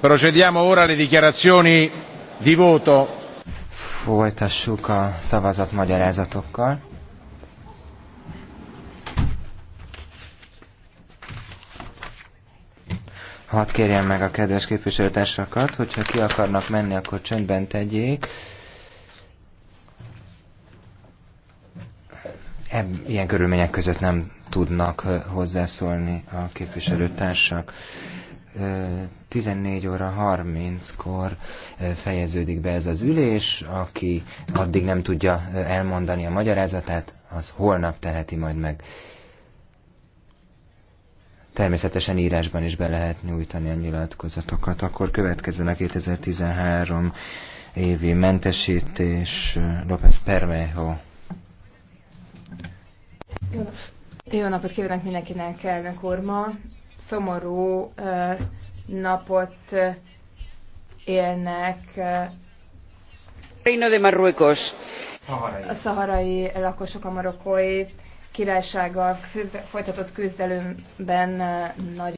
Procediamo ora alle dichiarazioni di voto. Folytassuk a szavazat magyarázatokkal. Hadd kérjem meg a kedves képviselőtársakat, hogyha ki akarnak menni, akkor csöndben tegyék. ilyen körülmények között nem tudnak hozzászólni a képviselőtársak. 14 óra 30-kor fejeződik be ez az ülés, aki addig nem tudja elmondani a magyarázatát, az holnap teheti majd meg. Természetesen írásban is be lehet nyújtani a nyilatkozatokat. Akkor következzen a 2013 évi mentesítés López Permejo. Jó napot kívánok mindenkinek, elnök úr! Ma szomorú napot élnek Reino de Marruecos. A szaharai lakosok a marokkói királysággal folytatott küzdelemben nagy